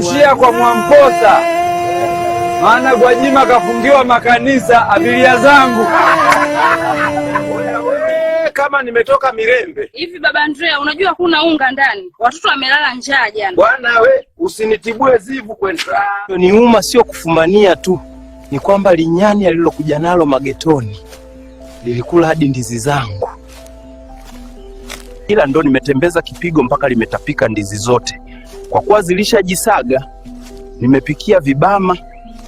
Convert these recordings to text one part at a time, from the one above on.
Tukamtishia kwa Mwamposa, maana Gwajima kafungiwa makanisa. Abiria zangu kama nimetoka Mirembe hivi. Baba Andrea, unajua kuna unga ndani, watoto wamelala njaa jana. Bwana we, usinitibue zivu kwenda ni uma, sio kufumania tu, ni kwamba linyani alilokuja nalo magetoni lilikula hadi ndizi zangu, ila ndo nimetembeza kipigo mpaka limetapika ndizi zote. Kwa kuwa zilishajisaga, nimepikia vibama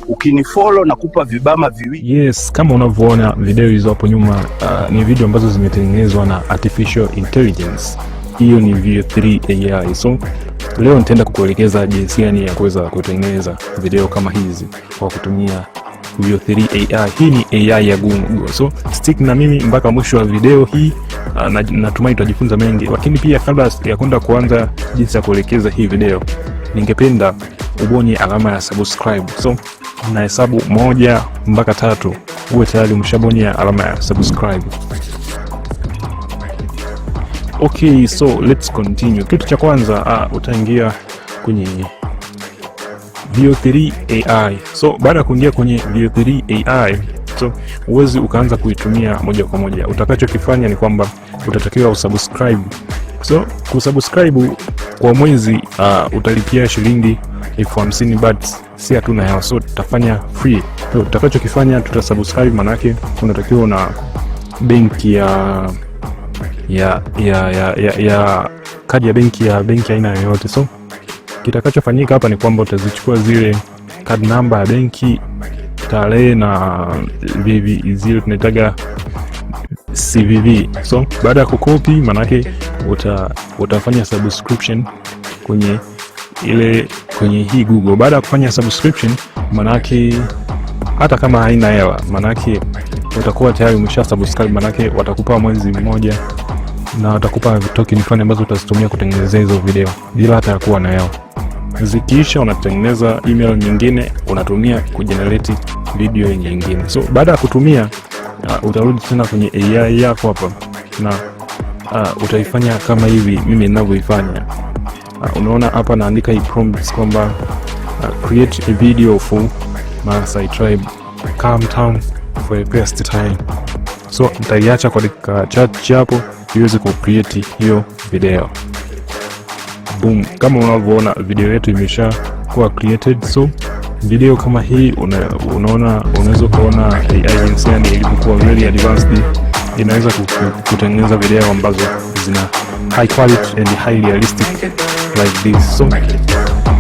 Ukinifollow na kupa vibama viwili. Yes, kama unavyoona video hizo hapo nyuma, uh, ni video ambazo zimetengenezwa na artificial intelligence. Hiyo ni v 3 AI. So leo nitaenda kukuelekeza jinsi gani ya kuweza kutengeneza video kama hizi kwa kutumia VO3 AI. Hii ni AI ya Google, so stick na mimi mpaka mwisho wa video hii. Ah, na, natumai utajifunza mengi, lakini pia kabla ya kwenda kuanza jinsi ya kuelekeza hii video, ningependa ubonye alama ya subscribe. So hesabu moja mpaka tatu, uwe tayari umeshabonya alama ya subscribe. Okay, so let's continue. Kitu cha kwanza, uh, utaingia kwenye VO3 AI. So baada ya kuingia kwenye VO3 AI, so huwezi ukaanza kuitumia moja kwa moja. Utakachokifanya ni kwamba utatakiwa usubscribe. So kusubscribe kwa mwezi uh, utalipia shilingi elfu hamsini but si hatuna hela, so tutafanya free. So utakachokifanya tutasubscribe, manake unatakiwa na benki ya ya ya ya ya kadi ya benki ya benki aina yoyote so Kitakachofanyika hapa ni kwamba utazichukua zile card number ya benki, tarehe na vivi, zile tunaitaga CVV. So baada ya kukopi, maanake uta, utafanya subscription kwenye ile kwenye hii Google. Baada ya kufanya subscription, maanake hata kama haina hela, maanake utakuwa tayari umesha subscribe, maanake watakupa mwezi mmoja na watakupa token fulani ambazo utazitumia kutengenezea hizo video bila hata ya kuwa na hela zikiisha unatengeneza email nyingine, unatumia kujenereti video nyingine. So baada ya kutumia uh, utarudi tena kwenye AI yako hapa na uh, utaifanya kama hivi mimi inavyoifanya Uh, unaona hapa naandika hiprompt kwamba uh, create a video for masai tribe calm town for a first time. So ntaiacha kwa dakika chache hapo iweze kucreate hiyo video boom. Kama unavyoona video yetu imesha kuwa created, so video kama hii una, unaona unaweza ukaona AI jinsi yani ilivyokuwa very advanced, inaweza kutengeneza video ambazo zina high quality and highly realistic like this. So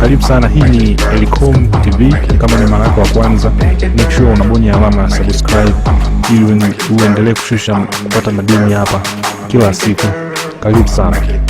karibu sana, hii ni Elicom TV. Kama ni mara yako ya kwanza, make sure unabonya alama ya subscribe ili uendelee kushusha kupata madini hapa kila siku. Karibu sana.